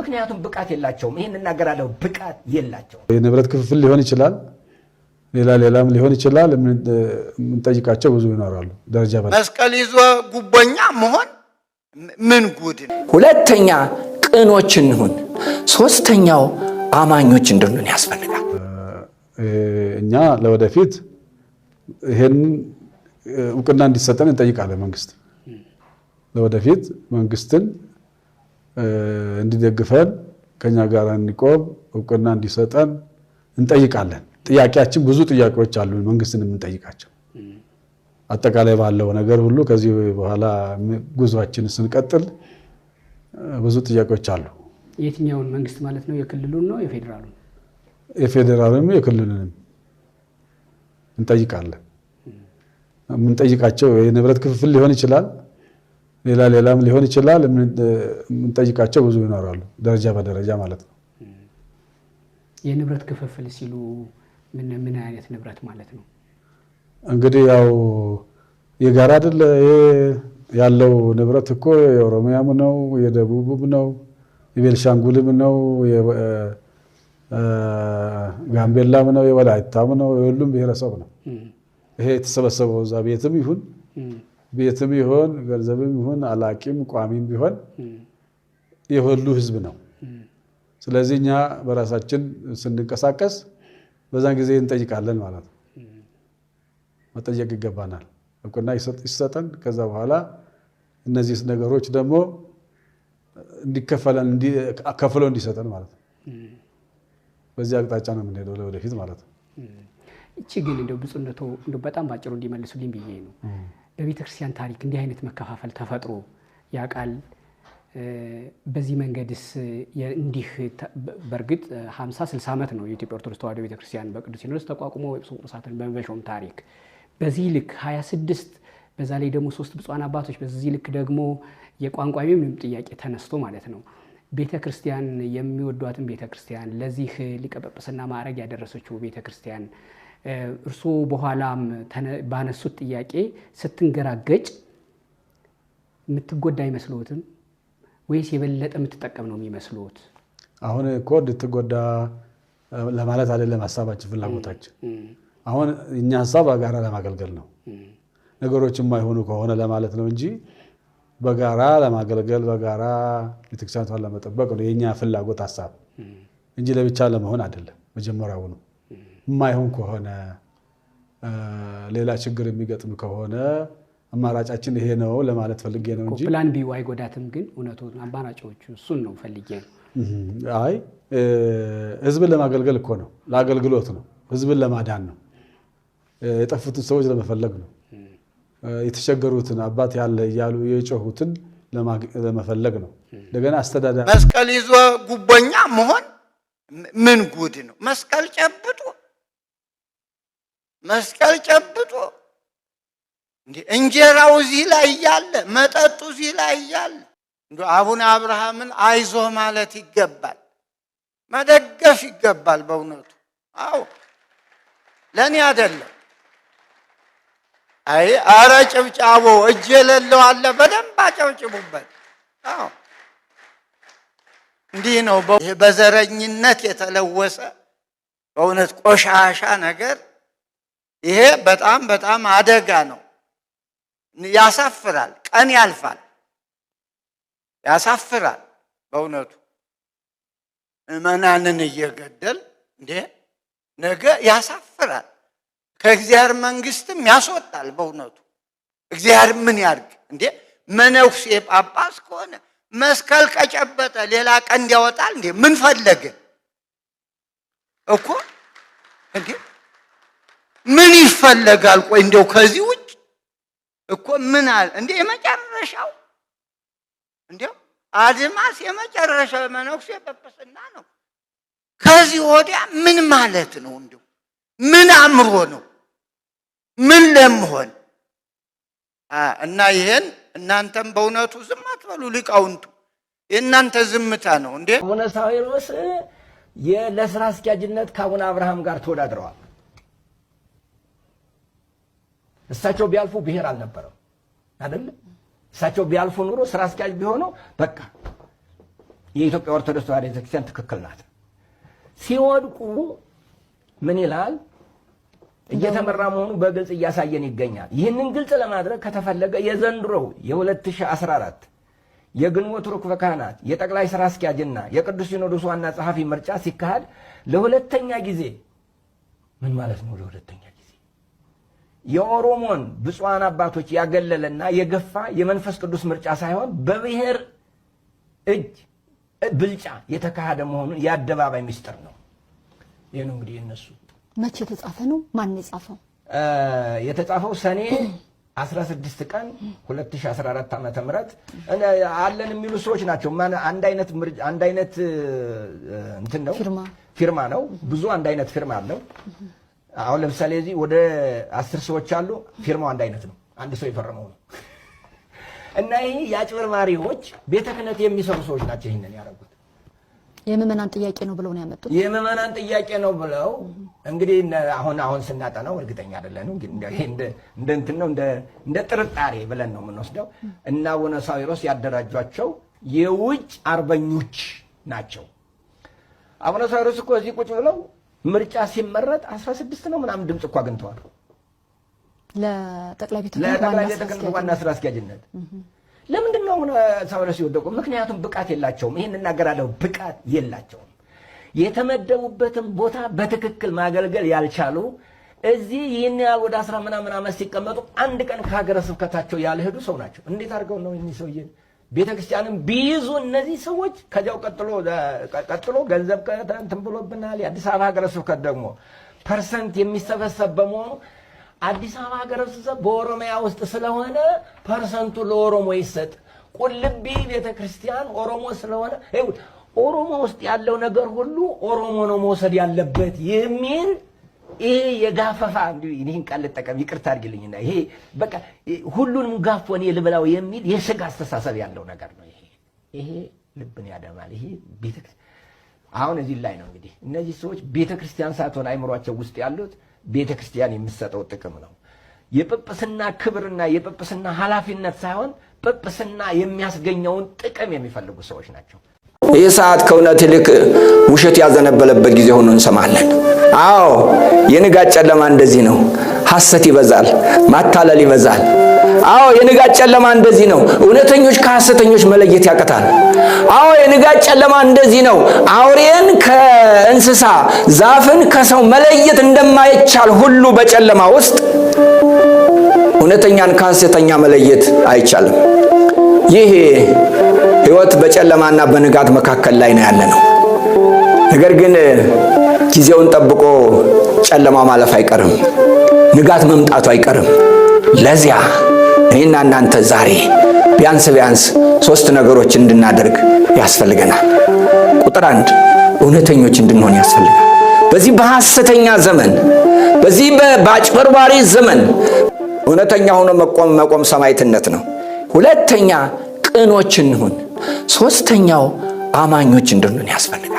ምክንያቱም ብቃት የላቸውም። ይህን እናገራለሁ፣ ብቃት የላቸውም። የንብረት ክፍፍል ሊሆን ይችላል፣ ሌላ ሌላም ሊሆን ይችላል። የምንጠይቃቸው ብዙ ይኖራሉ። ደረጃ መስቀል ይዞ ጉቦኛ መሆን ምን ጉድ። ሁለተኛ ቅኖች እንሁን። ሶስተኛው አማኞች እንድንሆን ያስፈልጋል። እኛ ለወደፊት ይህን እውቅና እንዲሰጠን እንጠይቃለን። መንግስት ለወደፊት መንግስትን እንዲደግፈን ከኛ ጋር እንዲቆም እውቅና እንዲሰጠን እንጠይቃለን። ጥያቄያችን ብዙ ጥያቄዎች አሉ፣ መንግስትን የምንጠይቃቸው አጠቃላይ ባለው ነገር ሁሉ። ከዚህ በኋላ ጉዟችን ስንቀጥል ብዙ ጥያቄዎች አሉ። የትኛውን መንግስት ማለት ነው? የክልሉን ነው የፌዴራሉን? የፌዴራሉንም የክልሉንም እንጠይቃለን። የምንጠይቃቸው የንብረት ክፍፍል ሊሆን ይችላል ሌላ ሌላም ሊሆን ይችላል። የምንጠይቃቸው ብዙ ይኖራሉ፣ ደረጃ በደረጃ ማለት ነው። የንብረት ክፍፍል ሲሉ ምን አይነት ንብረት ማለት ነው? እንግዲህ ያው የጋራ አይደለ ያለው ንብረት እኮ የኦሮሚያም ነው የደቡብም ነው የቤልሻንጉልም ነው ጋምቤላም ነው የወላይታም ነው የሁሉም ብሔረሰብ ነው። ይሄ የተሰበሰበው እዛ ቤትም ይሁን ቤትም ይሆን ገንዘብም ይሆን አላቂም ቋሚም ቢሆን የሁሉ ህዝብ ነው። ስለዚህ እኛ በራሳችን ስንንቀሳቀስ በዛን ጊዜ እንጠይቃለን ማለት ነው። መጠየቅ ይገባናል። እውቅና ይሰጠን። ከዛ በኋላ እነዚህ ነገሮች ደግሞ እንዲከፈለን ከፍለው እንዲሰጠን ማለት ነው። በዚህ አቅጣጫ ነው የምንሄደው ለወደፊት ማለት ነው። እቺ ግን እንደው ብፁዕነቱ በጣም ባጭሩ እንዲመልሱልኝ ብዬ ነው በቤተ ክርስቲያን ታሪክ እንዲህ አይነት መከፋፈል ተፈጥሮ ያውቃል? በዚህ መንገድስ እንዲህ በእርግጥ 50 60 ዓመት ነው የኢትዮጵያ ኦርቶዶክስ ተዋሕዶ ቤተ ክርስቲያን በቅዱስ ሲኖዶስ ተቋቁሞ ኤጲስ ቆጶሳትን በመሾም ታሪክ በዚህ ልክ 26 በዛ ላይ ደግሞ ሶስት ብፁዓን አባቶች በዚህ ልክ ደግሞ የቋንቋ ምንም ጥያቄ ተነስቶ ማለት ነው ቤተ ክርስቲያን የሚወዷትን ቤተ ክርስቲያን ለዚህ ሊቀ ጵጵስና ማዕረግ ያደረሰችው ቤተ ክርስቲያን እርስዎ በኋላም ባነሱት ጥያቄ ስትንገራገጭ የምትጎዳ አይመስልዎትም ወይስ የበለጠ የምትጠቀም ነው የሚመስልዎት? አሁን እኮ እንድትጎዳ ለማለት አይደለም ሀሳባችን፣ ፍላጎታችን አሁን እኛ ሀሳብ በጋራ ለማገልገል ነው። ነገሮች የማይሆኑ ከሆነ ለማለት ነው እንጂ በጋራ ለማገልገል በጋራ ቤተክርስቲያኗን ለመጠበቅ ነው የእኛ ፍላጎት ሀሳብ እንጂ ለብቻ ለመሆን አይደለም መጀመሪያውኑ የማይሆን ከሆነ ሌላ ችግር የሚገጥም ከሆነ አማራጫችን ይሄ ነው ለማለት ፈልጌ ነው እንጂ ፕላን ቢ አይጎዳትም። ግን እውነቱ አማራጮቹ እሱን ነው ፈልጌ ነው። አይ ህዝብን ለማገልገል እኮ ነው፣ ለአገልግሎት ነው፣ ህዝብን ለማዳን ነው፣ የጠፉትን ሰዎች ለመፈለግ ነው፣ የተቸገሩትን አባት ያለ እያሉ የጮሁትን ለመፈለግ ነው። እንደገና አስተዳዳሪ መስቀል ይዞ ጉቦኛ መሆን ምን ጉድ ነው? መስቀል ጨብጦ መስቀል ጨብጦ እንጀራው እዚህ ላይ እያለ መጠጡ እዚህ ላይ እያለ አቡነ አብርሃምን አይዞ ማለት ይገባል፣ መደገፍ ይገባል። በእውነቱ አዎ፣ ለእኔ አይደለም። አይ አረ ጭብጫቦ እጅ የሌለው አለ፣ በደንብ አጨብጭቡበት። አዎ እንዲህ ነው በዘረኝነት የተለወሰ በእውነት ቆሻሻ ነገር ይሄ በጣም በጣም አደጋ ነው። ያሳፍራል። ቀን ያልፋል፣ ያሳፍራል። በእውነቱ ምዕመናንን እየገደል እንዴ ነገ ያሳፍራል። ከእግዚአብሔር መንግስትም ያስወጣል። በእውነቱ እግዚአብሔር ምን ያድርግ እንዴ? መነኩሴ ጳጳስ ከሆነ መስቀል ከጨበጠ ሌላ ቀንድ ያወጣል እንዴ? ምን ፈለገ እኮ እንዴ? ምን ይፈለጋል? ቆይ እንደው ከዚህ ውጭ እኮ ምን አለ እንዴ? የመጨረሻው እንዲያው አድማስ የመጨረሻው የመነኩሴ ጵጵስና ነው። ከዚህ ወዲያ ምን ማለት ነው? እንዲያው ምን አምሮ ነው? ምን ለመሆን እና ይሄን እናንተም በእውነቱ ዝም አትበሉ ሊቃውንቱ። የእናንተ ዝምታ ነው እንዴ? አቡነ ሳዊሮስ ለስራ አስኪያጅነት ከአቡነ አብርሃም ጋር ተወዳድረዋል። እሳቸው ቢያልፉ ብሔር አልነበረም አይደለም። እሳቸው ቢያልፉ ኑሮ ስራ አስኪያጅ ቢሆነው በቃ የኢትዮጵያ ኦርቶዶክስ ተዋሕዶ ቤተክርስቲያን ትክክል ናት። ሲወድቁ ምን ይላል? እየተመራ መሆኑ በግልጽ እያሳየን ይገኛል። ይህንን ግልጽ ለማድረግ ከተፈለገ የዘንድሮው የ2014 የግንቦት ሩክበ ካህናት የጠቅላይ ስራ አስኪያጅና የቅዱስ ሲኖዶስ ዋና ጸሐፊ ምርጫ ሲካሄድ ለሁለተኛ ጊዜ ምን ማለት ነው? ለሁለተኛ የኦሮሞን ብፁዓን አባቶች ያገለለና የገፋ የመንፈስ ቅዱስ ምርጫ ሳይሆን በብሔር እጅ ብልጫ የተካሄደ መሆኑን የአደባባይ ምስጢር ነው። ይህ ነው እንግዲህ እነሱ መቼ የተጻፈ ነው? ማን የጻፈው? የተጻፈው ሰኔ 16 ቀን 2014 ዓ ም አለን የሚሉ ሰዎች ናቸው። አንድ አይነት አንድ አይነት እንትን ነው ፊርማ ነው። ብዙ አንድ አይነት ፊርማ አለው። አሁን ለምሳሌ እዚህ ወደ አስር ሰዎች አሉ። ፊርማው አንድ አይነት ነው። አንድ ሰው የፈረመው ነው። እና ይህ የአጭበርባሪዎች ቤተ ክህነት የሚሰሩ ሰዎች ናቸው ይህንን ያደረጉት። የምዕመናን ጥያቄ ነው ብለው ነው ያመጡት። የምዕመናን ጥያቄ ነው ብለው እንግዲህ አሁን አሁን ስናጠናው እርግጠኛ አይደለንም፣ እንደ እንትን ነው እንደ ጥርጣሬ ብለን ነው የምንወስደው። እና አቡነ ሳዊሮስ ያደራጇቸው የውጭ አርበኞች ናቸው። አቡነ ሳዊሮስ እኮ እዚህ ቁጭ ብለው ምርጫ ሲመረጥ 16 ነው ምናምን ድምፅ እኮ አግኝተዋል ለጠቅላይ ቤተ ክህነት ዋና ስራ አስኪያጅነት። ለምንድን ነው አሁን ሰበለሱ ምክንያቱም ብቃት የላቸውም። ይህን እናገራለሁ፣ ብቃት የላቸውም። የተመደቡበትን ቦታ በትክክል ማገልገል ያልቻሉ እዚህ ይህን ያህል ወደ አስራ ምናምን ዓመት ሲቀመጡ አንድ ቀን ከሀገረ ስብከታቸው ያልሄዱ ሰው ናቸው። እንዴት አድርገው ነው እኒህ ሰውዬ ቤተ ክርስቲያንም ቢይዙ እነዚህ ሰዎች ከዚያው ቀጥሎ ገንዘብ እንትን ብሎብናል። የአዲስ አበባ ሀገረ ስብከት ደግሞ ፐርሰንት የሚሰበሰብ በመሆኑ አዲስ አበባ ሀገረ ስብከት በኦሮሚያ ውስጥ ስለሆነ ፐርሰንቱ ለኦሮሞ ይሰጥ። ቁልቢ ቤተ ክርስቲያን ኦሮሞ ስለሆነ ኦሮሞ ውስጥ ያለው ነገር ሁሉ ኦሮሞ ነው መውሰድ ያለበት የሚል ይሄ የጋፈፋ እንዲሁ ይህን ቃል ልጠቀም ይቅርታ አድርግልኝና፣ ይሄ በቃ ሁሉንም ጋፎ እኔ የሚል የስጋ አስተሳሰብ ያለው ነገር ነው። ይሄ ይሄ ልብን ያደማል። ይሄ ቤተ አሁን እዚህ ላይ ነው እንግዲህ እነዚህ ሰዎች ቤተ ክርስቲያን ሳትሆን አይምሯቸው ውስጥ ያሉት ቤተ ክርስቲያን የምትሰጠው ጥቅም ነው። የጵጵስና ክብርና የጵጵስና ኃላፊነት ሳይሆን ጵጵስና የሚያስገኘውን ጥቅም የሚፈልጉ ሰዎች ናቸው። ይህ ሰዓት ከእውነት ይልቅ ውሸት ያዘነበለበት ጊዜ ሆኖ እንሰማለን። አዎ የንጋት ጨለማ እንደዚህ ነው። ሐሰት ይበዛል፣ ማታለል ይበዛል። አዎ የንጋት ጨለማ እንደዚህ ነው። እውነተኞች ከሐሰተኞች መለየት ያቅታል። አዎ የንጋት ጨለማ እንደዚህ ነው። አውሬን ከእንስሳ ዛፍን ከሰው መለየት እንደማይቻል ሁሉ በጨለማ ውስጥ እውነተኛን ከሐሰተኛ መለየት አይቻልም። ይህ ሕይወት በጨለማና በንጋት መካከል ላይ ነው ያለ ነው ነገር ግን ጊዜውን ጠብቆ ጨለማ ማለፍ አይቀርም። ንጋት መምጣቱ አይቀርም። ለዚያ እኔና እናንተ ዛሬ ቢያንስ ቢያንስ ሶስት ነገሮች እንድናደርግ ያስፈልገናል። ቁጥር አንድ እውነተኞች እንድንሆን ያስፈልጋል። በዚህ በሐሰተኛ ዘመን፣ በዚህ በአጭበርባሪ ዘመን እውነተኛ ሆኖ መቆም መቆም ሰማዕትነት ነው። ሁለተኛ ቅኖች እንሁን። ሶስተኛው አማኞች እንድንሆን ያስፈልጋል።